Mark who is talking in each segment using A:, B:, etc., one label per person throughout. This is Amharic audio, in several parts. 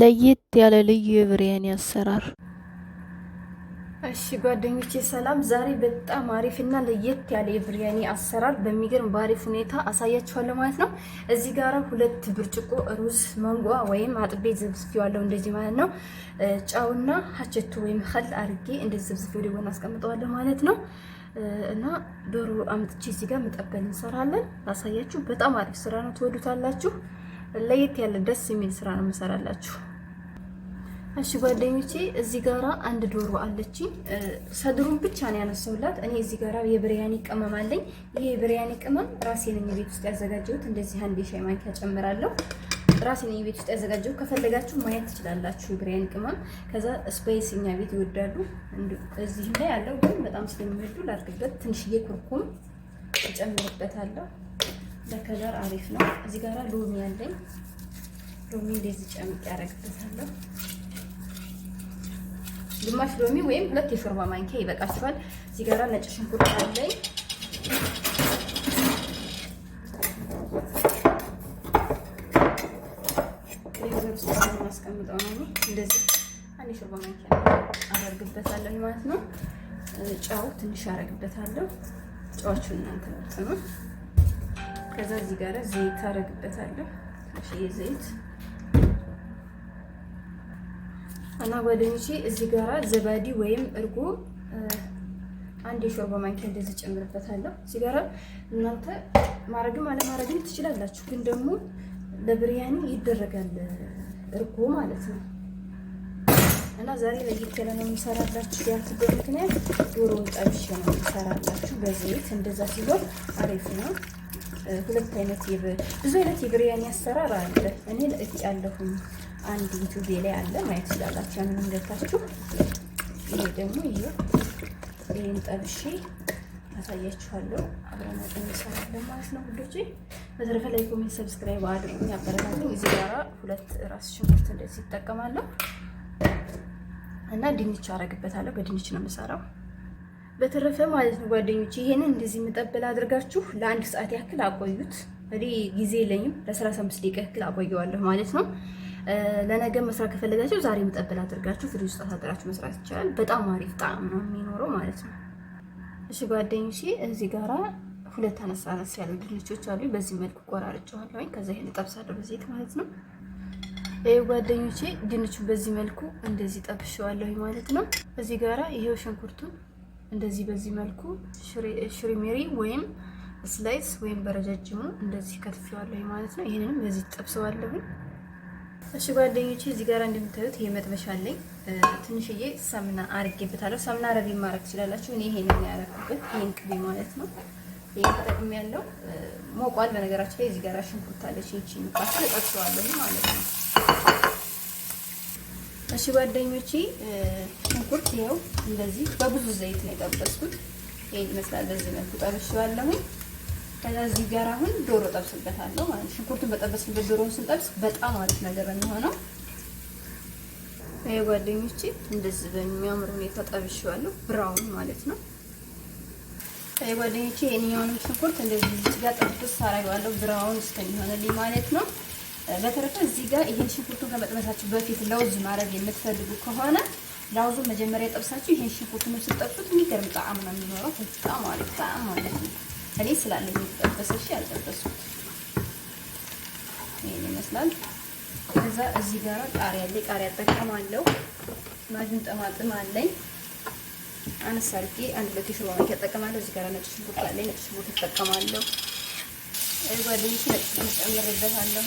A: ለየት ያለ ልዩ የብሪያኒ አሰራር። እሺ ጓደኞቼ ሰላም፣ ዛሬ በጣም አሪፍ እና ለየት ያለ የብሪያኒ አሰራር በሚገርም በአሪፍ ሁኔታ አሳያችኋለሁ ማለት ነው። እዚህ ጋር ሁለት ብርጭቆ ሩዝ መንጓ ወይም አጥቤ ዋለው እንደዚህ ማለት ነው። ጫውና ሀቸቱ ወይም ከል አርጌ እንደዚህ ዘብዝፌ ወደጎን አስቀምጠዋለሁ ማለት ነው። እና ዶሮ አምጥቼ እዚህ ጋር መጠበል እንሰራለን። ላሳያችሁ። በጣም አሪፍ ስራ ነው፣ ትወዱታላችሁ። ለየት ያለ ደስ የሚል ስራ ነው የምሰራላችሁ። እሺ ጓደኞቼ እዚህ ጋራ አንድ ዶሮ አለች። ሰድሩን ብቻ ነው ያነሳሁላት። እኔ እዚህ ጋራ የብሪያኒ ቅመም አለኝ። ይሄ የብሪያኒ ቅመም ራሴ ነኝ ቤት ውስጥ ያዘጋጀሁት። እንደዚህ አንድ የሻይ ማንኪያ ጨምራለሁ። ራሴ ነኝ ቤት ውስጥ ያዘጋጀሁት። ከፈለጋችሁ ማየት ትችላላችሁ የብሪያኒ ቅመም። ከዛ ስፓይስ እኛ ቤት ይወዳሉ። እዚህም ላይ ያለው ግን በጣም ስለሚወዱ ላድርግበት። ትንሽዬ ኩርኩም እጨምርበታለሁ ለከለር አሪፍ ነው። እዚህ ጋር ሎሚ ያለኝ ሎሚ እንደዚህ ጨምቅ ያደርግበታለሁ። ግማሽ ሎሚ ወይም ሁለት የሾርባ ማንኪያ ይበቃችኋል። እዚህ ጋር ነጭ ሽንኩርት አለኝ። ማስቀምጠው ነው እንደዚህ አንድ የሾርባ ማንኪያ አደርግበታለሁ ማለት ነው። ጨው ትንሽ አደርግበታለሁ። ጨዋችሁን እናንተ ነው ከዛ እዚህ ጋር ዘይት አደርግበታለሁ። እሺ ዘይት እና ጓደኞቼ እዚህ ጋራ ዘባዲ ወይም እርጎ አንድ የሾርባ ማንኪያ እንደዚህ ጨምርበታለሁ። እዚህ ጋራ እናንተ ማረግም አለማረግም ትችላላችሁ፣ ግን ደግሞ ለብሪያኒ ይደረጋል እርጎ ማለት ነው። እና ዛሬ ለየት ያለ ነው የምሰራላችሁ። ያልኩበት ምክንያት ዶሮ ወጥ ነው የምሰራላችሁ በዘይት እንደዛ ሲሆን አሪፍ ነው። ሁለት አይነት ብዙ አይነት የብሪያኒ አሰራር አለ። እኔ ለእቲ ያለሁኝ አንድ ዩቱቤ ላይ አለ ማየት ይችላላችሁ። ያንን ገብታችሁ ይሄ ደግሞ ይሄ ይህን ጠብሼ አሳያችኋለሁ። አብረን እንሰራለን ማለት ነው ውዶቼ። በተረፈ ላይ ኮሜንት፣ ሰብስክራይብ አድርጉኝ፣ አበረታቱኝ። እዚህ ጋራ ሁለት ራስ ሽንኩርት እንደዚህ ይጠቀማለሁ እና ድንች አረግበታለሁ። በድንች ነው የምሰራው በተረፈ ማለት ነው ጓደኞች ይሄንን እንደዚህ መጠበል አድርጋችሁ ለአንድ ሰዓት ያክል አቆዩት። እኔ ጊዜ የለኝም ለ35 ደቂቃ ያክል አቆየዋለሁ ማለት ነው። ለነገ መስራት ከፈለጋችሁ ዛሬ መጠበል አድርጋችሁ ፍሪጅ ውስጥ አሳድራችሁ መስራት ይቻላል። በጣም አሪፍ ጣዕም ነው የሚኖረው ማለት ነው። እሺ ጓደኞች፣ እዚህ ጋራ ሁለት አነሳ ያሉ ድንቾች አሉ። በዚህ መልኩ ወይ ከዛ ይሄን እጠብሳለሁ በዘይት ማለት ነው። ይሄ ጓደኞቼ ድንቹ በዚህ መልኩ እንደዚህ ጠብሼዋለሁኝ ማለት ነው። እዚህ ጋራ ይሄው ሽንኩርቱን እንደዚህ በዚህ መልኩ ሽሪሜሪ ወይም ስላይስ ወይም በረጃጅሙ እንደዚህ ከትፌዋለሁ ማለት ነው። ይህንንም በዚህ ጠብሰዋለሁ። እሺ ጓደኞቼ፣ እዚህ ጋር እንደምታዩት ይሄ መጥበሻ አለኝ። ትንሽዬ ሰምና አርጌበታለሁ። ሰምና ረቢ ማድረግ ትችላላችሁ። እኔ ይሄንን ያረኩበት ይሄን ቅቤ ማለት ነው። ይሄ ተጠቅሜ ያለው ሞቋል። በነገራችን ላይ እዚህ ጋር ሽንኩርት አለች። ይቺ ንቃት ጠብሰዋለሁ ማለት ነው። እሺ ጓደኞቼ ሽንኩርት ይኸው እንደዚህ በብዙ ዘይት ነው የጠበስኩት። ይሄን ይመስላል። በዚህ መልኩ ጠብሼዋለሁኝ። ከዛ እዚህ ጋር አሁን ዶሮ ጠብስበታለሁ ማለት ሽንኩርቱን በጠበስንበት ዶሮውን ስንጠብስ በጣም አሪፍ ነገር የሚሆነው። ይሄ ጓደኞቼ እንደዚህ በሚያምር ሁኔታ ጠብሼዋለሁ፣ ብራውን ማለት ነው። ይሄ ጓደኞቼ የሆነው ሽንኩርት እንደዚህ ጋር ጠብስ አደርገዋለሁ፣ ብራውን እስከሚሆንልኝ ማለት ነው። በተረፈ እዚህ ጋር ይሄን ሽንኩርቱን ከመጥበሳችሁ በፊት ለውዝ ማድረግ የምትፈልጉ ከሆነ ለውዙ መጀመሪያ የጠብሳችሁ ይሄን ሽንኩርቱን ስትጠብሱት የሚገርም ጣዕም ነው የሚኖረው። በጣም አሪፍ ጣዕም ማለት ነው። እኔ ስላለኝ የተጠበሰ እሺ፣ ያልጠበስኩት ይሄን ይመስላል። ከዛ እዚህ ጋር ቃሪያ አለ። ቃሪያ እጠቀማለሁ። ማጅን ጠማጥም አለኝ። አንሳርጌ አንድ ሁለት የሾርባ ማንኪያ እጠቀማለሁ። እዚህ ጋር ነጭ ሽንኩርት አለኝ። ነጭ ሽንኩርት እጠቀማለሁ። ጓደኞች ነጭ ሽንኩርት ጨምሬበታለሁ።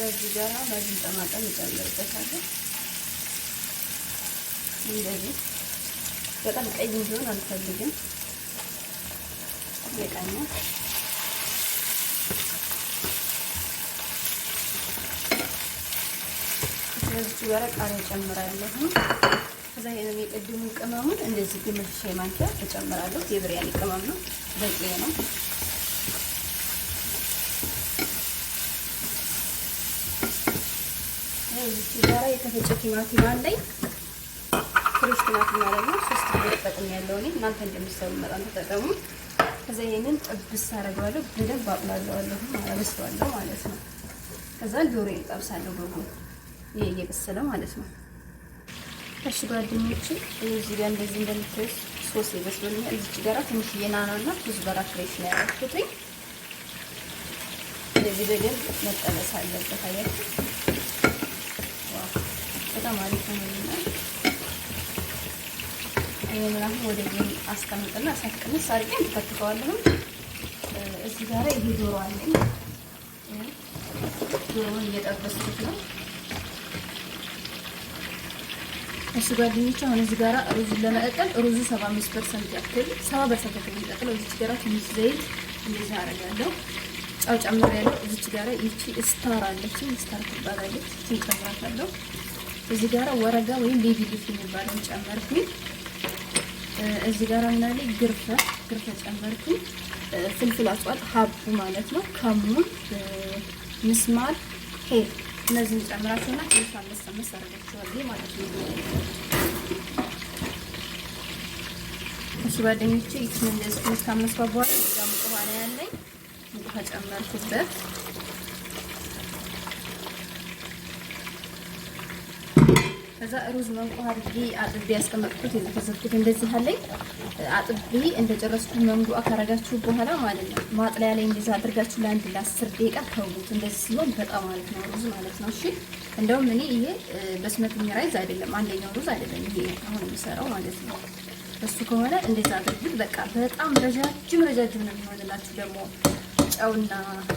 A: በዚህ ጋር በዚህ ጠማጠም እጨምርበታለሁ። እንደዚህ በጣም ቀይ እንዲሆን አልፈልግም። የቀኛ ስለዚህ ጋር ቃሪያ እጨምራለሁ። ከዛ ይሄንም የቅድሙን ቅመሙን እንደዚህ ግማሽ ሻይ ማንኪያ እጨምራለሁ። የብሪያኒ ቅመም ነው፣ በቂ ነው። እዚህ ጋር የተፈጨ ቲማቲም አለኝ። ፍሬሽ ቲማቲም ማለት ነው። ሶስት ጊዜ ተጠቅም እኔ እናንተ እንደምትሰሩ መጠን ተጠቀሙ። ከዛ ይሄንን ጥብስ አደርገዋለሁ፣ በደንብ አቁላለዋለሁ፣ አበስለዋለሁ ማለት ነው። ከዛ ዶሮ ይጠብሳለሁ፣ በጎን ይሄ እየበሰለ ማለት ነው። እሺ ጓደኞቼ፣ እዚህ ጋር እንደዚህ እንደምታዩት ሶስ ይበስሉልኛል። እዚች ጋራ ትንሽ የናናና ብዙ በራፍ ላይ ስለያያችሁትኝ እንደዚህ በደንብ መጠበስ አለበት አያችሁ በጣም አሪፍ ነውና ይሄን አሁን ወደ ላይ አስቀምጥና እሳት አድርጌ እንከትተዋለሁ። እዚህ ጋር ይሄ ዶሮ አለኝ። ዶሮውን እየጠበስኩት ነው። እሱ ጓደኞች አሁን እዚህ ጋር ሩዙን ለመቀቀል ሩዙ 75 ፐርሰንት ያክል 70 ፐርሰንት ያክል የሚቀቅለው እዚች ጋር ትንሽ ዘይት እንደዚህ አደርጋለሁ። ጫው ጨምሬያለሁ። እዚች ጋር ይቺ ስታር አለች፣ ስታር ትባላለች። ትንጨምራታለሁ እዚህ ጋር ወረጋ ወይም ቤቢ ሊፍ የሚባለውን ጨመርኩኝ። እዚህ ጋር ላይ ግርፈ ግርፈ ጨመርኩኝ። ፍልፍል አጽዋት ሀብ ማለት ነው። ከሙን፣ ምስማር፣ ሄ እነዚህን ጨምራችሁና ትንሽ አምስት አምስት አረጋችኋለሁ ማለት ነው። እሺ ጓደኞቼ ይህችን እንደዚህ አምስት በኋላ እዛ ሙቅ ውሃ ያለኝ ሙቅ ውሃ ጨመርኩበት። ከዛ ሩዝ መንቆ አድርጌ አጥቤ ያስቀመጥኩት የተከዘፍኩት እንደዚህ አለኝ። አጥቤ እንደጨረስኩ መንጎ ካረጋችሁ በኋላ ማለት ነው ማጥለያ ላይ እንደዚህ አድርጋችሁ ለአንድ ለአስር ደቂቃ ተውት። እንደዚህ ሲሆን በጣም ማለት ነው ሩዝ ማለት ነው። እሺ እንደውም እኔ ይሄ በስመተኛ ራይዝ አይደለም፣ አንደኛው ሩዝ አይደለም። ይሄ አሁን የሚሰራው ማለት ነው እሱ ከሆነ እንደዛ አድርጉት። በቃ በጣም ረጃጅም ረጃጅም ነው የሚሆንላችሁ ደግሞ ጨውና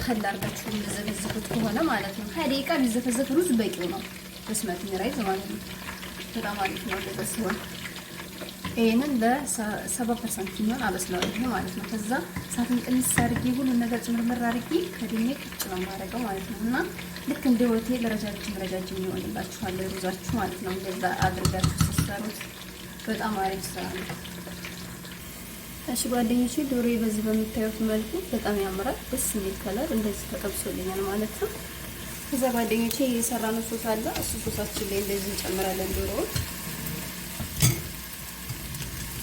A: ከላ አድርጋችሁ ከሆነ ማለት ነው ሀያ ደቂቃ የሚዘፈዘፍ ሩዝ በቂው ነው። በስመቲ ራይዝ ማለት ነው። በጣም አሪፍ ነው እንደዛ ሲሆን ይህንን ለሰባ ፐርሰንት የሚሆን አበስለዋለሁ ማለት ነው። ከዛ እሳትን ቅንስ አድርጌ ሁሉን ነገር ጭምርምር አድርጌ ከድሜ ቅጭ ነው የማደርገው ማለት ነው። እና ልክ እንደ ሆቴል ረጃጅም ረጃጅም ይሆንላችኋል ሩዛችሁ ማለት ነው። እንደዛ አድርጋችሁ ስትሰሩት በጣም አሪፍ ስራ ነው። እሺ ጓደኞቼ ዶሮዬ በዚህ በምታዩት መልኩ በጣም ያምራል። ደስ የሚል ከለር እንደዚህ ተጠብሶልኛል ማለት ነው። ከዛ ጓደኞቼ የሰራነው ሶስ አለ። እሱ ሶሳችን ላይ እንደዚህ እንጨምራለን ዶሮውን።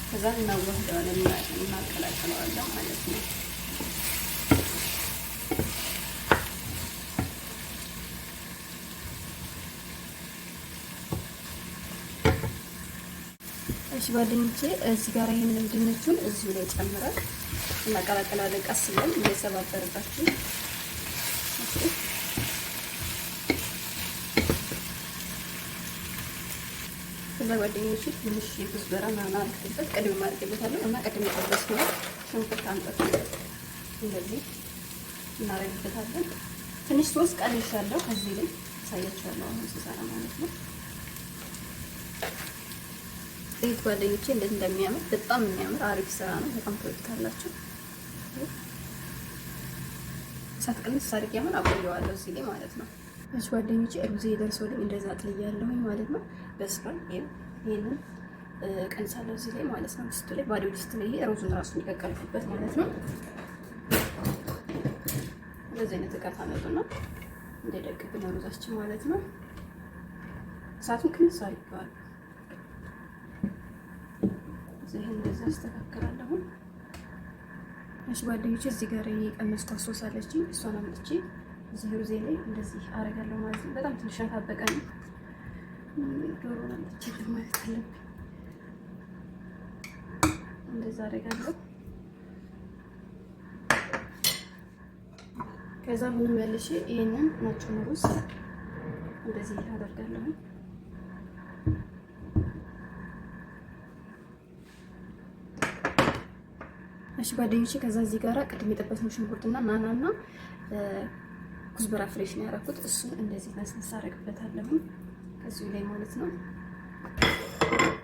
A: ከዛ እናዋህደዋለን፣ እናቀላቅለዋለን ማለት ነው። እሺ ጓደኞቼ እዚህ ጋር ይሄንን ድንቹን እዚሁ ላይ ጨምረን እናቀላቅለዋለን። ቀስ ብለን እንዳይሰባበርባችሁ ጓደኞች ትንሽ የኩስ በራ ምናምን አድርጌበት ቅድም ማድርግበታለሁ እና ቅድም የጠበስ ነው ሽንኩርት አንጠፍ እንደዚህ እናደርግበታለን። ትንሽ ሶስት ይሻለው ከዚህ ላይ አሳያችኋለሁ አሁን ስሰራ ማለት ነው። ይህ ጓደኞች እንዴት እንደሚያምር በጣም የሚያምር አሪፍ ስራ ነው። በጣም ትወዱታላችሁ። እሳት ቅንስ አድርጌ አሁን አቆየዋለሁ እዚህ ላይ ማለት ነው። ጓደኞቼ ሩዜ ደርሶልኝ እንደዛ ጥልያለሁኝ ማለት ነው። በስሏል። ይህንን ቀንሳለሁ እዚህ ላይ ማለት ነው። ድስቱ ላይ ባዶ ድስት ላይ ይሄ ሩዙን ራሱ የሚቀቀልኩበት ማለት ነው። እንደዚህ አይነት እቃ ታመጡ ነው እንዳይደቅብን ሩዛችን ማለት ነው። እሳቱን ክንስ አድርገዋል። እዚህ እንደዚህ አስተካክላለሁ። እሺ ጓደኞቼ፣ እዚህ ጋር የቀመስኳት ሶስ አለችኝ። እሷን አምጥቼ እዚህ ሩዜ ላይ እንደዚህ አደርጋለሁ ማለት ነው። በጣም ትንሽ ያልታበቀ ነው። ዶሮ መጥቼ ማለት አለብኝ። እንደዛ አደርጋለሁ። ከዛ ምንም ይሄንን ነጭ እንደዚህ አደርጋለሁ። እሺ ከዛ እዚህ ጋራ ቅድም የጠበስነው ሽንኩርትና ናናና ኩዝበራ ፍሬሽ ነው ያደረኩት። እሱን እንደዚህ አደርግበታለሁ። እዚሁ ላይ ማለት ነው።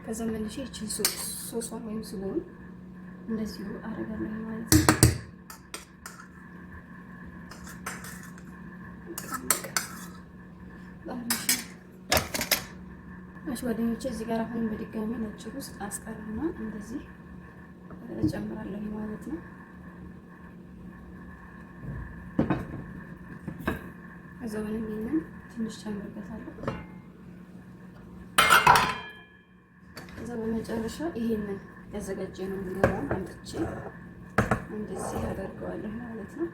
A: ከዛ መልሼ ይችን ሶሷን ወይም ስጎን እንደዚሁ አደርጋለሁ ማለት ነው። ጓደኞቼ እዚህ ጋር አሁን በድጋሚ ነጭ ውስጥ አስቀርና እንደዚህ እጨምራለሁ ማለት ነው። እዛውንም ይሄንን ትንሽ ጨምርበታለሁ። ከዛ በመጨረሻ ይሄንን ያዘጋጀ ነው እንጀራውን አምጥቼ እንደዚህ አደርገዋለሁ ማለት ነው።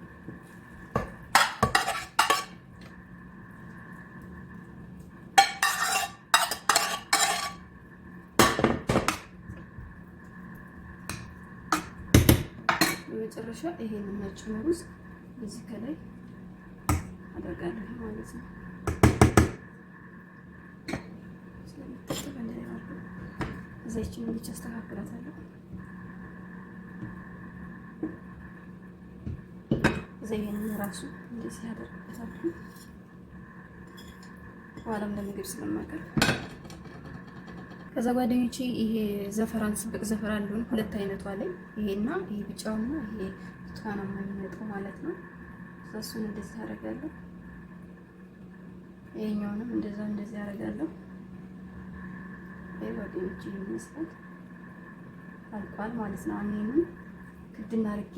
A: በመጨረሻ ይሄንን ነጭ ሩዝ እዚህ ከላይ አደርጋለሁ ማለት ነው። ከዛ ይችን ብቻ አስተካክላታለሁ። ዘይን ራሱ እንደዚህ ያደርግበታለሁ። በኋላም ለምግብ ስለማቀር ከዛ ጓደኞቼ ይሄ ዘፈራን ስብቅ ዘፈራን እንደሆነ ሁለት አይነቷ ላይ ይሄና ይሄ ብጫውና ይሄ ብርቱካናማ የሚመጣው ማለት ነው። እሱን እንደዚህ ያደርጋለሁ። ይሄኛውንም እንደዛ እንደዚህ ያደርጋለሁ። ወደጅ ይመስላል አልቋል ማለት ነው። አሁን ክድና አድርጌ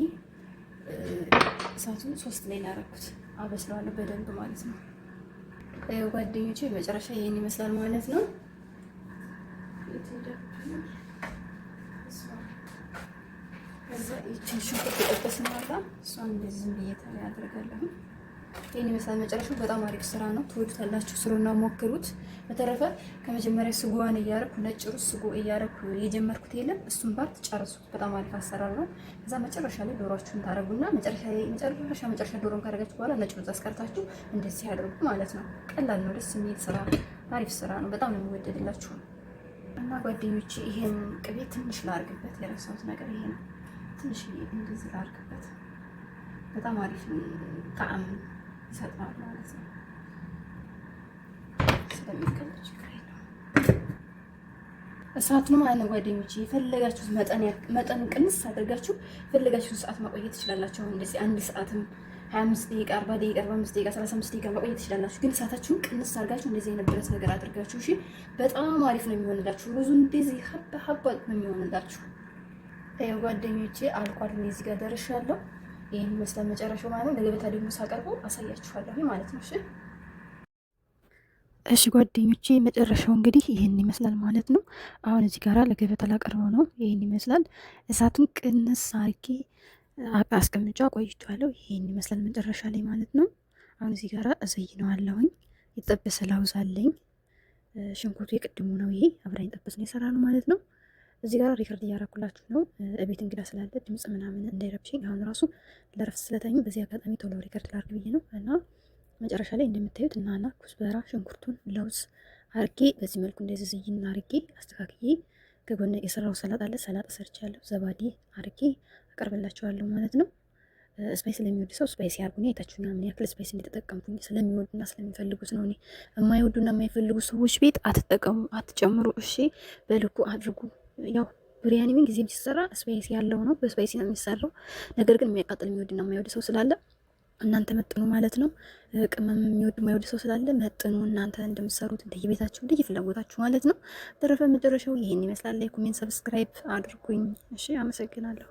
A: እሳቱን ሶስት ላይ ላደረኩት አበስለዋለሁ በደንብ ማለት ነው። ጓደኞቼ መጨረሻ ይሄን ይመስላል ማለት ነው። ከዛ ይችን ሽንኩርት የጠበስን ዋላ እሷን እንደዚህ ብዬ ታዲያ አደርጋለሁ። ይህን ይመስላል መጨረሻው። በጣም አሪፍ ስራ ነው፣ ትወዱታላችሁ። ስሩና ሞክሩት። በተረፈ ከመጀመሪያ ስጎዋን እያረኩ ነጭ ሩዝ ስጎ እያረኩ የጀመርኩት የለም እሱን ፓርት ጨርሱት። በጣም አሪፍ አሰራር ነው። ከዛ መጨረሻ ላይ ዶሯችሁን ታረጉና መጨረሻ መጨረሻ መጨረሻ ዶሮን ካረጋችሁ በኋላ ነጭ ሩዝ አስቀርታችሁ እንደዚህ ያደርጉ ማለት ነው። ቀላል ነው፣ ደስ የሚል ስራ፣ አሪፍ ስራ ነው። በጣም ነው የሚወደድላችሁ። እና ጓደኞች ይሄን ቅቤ ትንሽ ላርግበት፣ የረሳሁት ነገር ይሄ ነው። ትንሽ እንደዚህ ላርግበት፣ በጣም አሪፍ ጣዕም ሰጥናል ማለት ነው። ስለሚቀለች እሳቱንም አነ ጓደኞች የፈለጋችሁት መጠን ቅንስ አድርጋችሁ የፈለጋችሁት ሰዓት ማቆየት ትችላላችሁ። እንደዚህ አንድ ሰዓትም 25 ደቂቃ፣ 40 ደቂቃ፣ 45 ደቂቃ፣ 35 ደቂቃ ማቆየት ትችላላችሁ። ግን እሳታችሁን ቅንስ አድርጋችሁ እንደዚህ አይነት ነገር አድርጋችሁ እሺ፣ በጣም አሪፍ ነው የሚሆንላችሁ። ሩዙ እንደዚህ ሀባ ሀባ ነው የሚሆንላችሁ። ጓደኞቼ አልቋል። እዚህ ጋር ደርሻለሁ። ይህን ይመስላል መጨረሻው ማለት ነው። ለገበታ ደግሞ ሳቀርቡ አሳያችኋለሁ ማለት ነው። እሺ እሺ ጓደኞቼ መጨረሻው እንግዲህ ይህን ይመስላል ማለት ነው። አሁን እዚህ ጋራ ለገበታ ላቀርበው ነው። ይህን ይመስላል እሳቱን ቅንስ አርጌ አስቀምጫ ቆይቻለሁ። ይህን ይመስላል መጨረሻ ላይ ማለት ነው። አሁን እዚህ ጋራ እዘይነዋለሁኝ። የተጠበሰ ላውዝ አለኝ። ሽንኩርቱ የቅድሙ ነው። ይሄ አብራኝ ጠበስ ነው የሰራ ነው ማለት ነው። እዚህ ጋር ሪከርድ እያረኩላችሁ ነው። እቤት እንግዳ ስላለ ድምፅ ምናምን እንዳይረብሽኝ አሁን ራሱ ለረፍት ስለተኙ በዚህ አጋጣሚ ቶሎ ሪከርድ ላርግ ብዬ ነው እና መጨረሻ ላይ እንደምታዩት እናና ኩስበራ ሽንኩርቱን ለውዝ አርጌ በዚህ መልኩ እንደዚህ አርጌ አስተካክዬ ከጎን የሰራው ሰላጣ አለ። ሰላጣ ሰርቻለሁ ዘባዴ አርጌ አቀርብላችኋለሁ ማለት ነው። ስፓይስ ስለሚወድ ሰው ስፓይስ ያርጉኝ። አይታችሁና ምን ያክል ስፓይስ እንደተጠቀምኩኝ ስለሚወዱና ስለሚፈልጉት ነው። እኔ የማይወዱና የማይፈልጉ ሰዎች ቤት አትጠቀሙ፣ አትጨምሩ። እሺ በልኩ አድርጉ። ያው ብሪያኒ ምን ጊዜም ሲሰራ ስፓይሲ ያለው ነው፣ በስፓይሲ ነው የሚሰራው። ነገር ግን የሚያቃጥል የሚወድና የማይወድ ሰው ስላለ እናንተ መጥኑ ማለት ነው። ቅመም የሚወድ የማይወድ ሰው ስላለ መጥኑ እናንተ እንደምትሰሩት እንደየቤታችሁ እንደየፍላጎታችሁ ማለት ነው። በተረፈ መጨረሻው ይሄን ይመስላል። ላይክ፣ ኮሜንት፣ ሰብስክራይብ አድርጉኝ። እሺ፣ አመሰግናለሁ።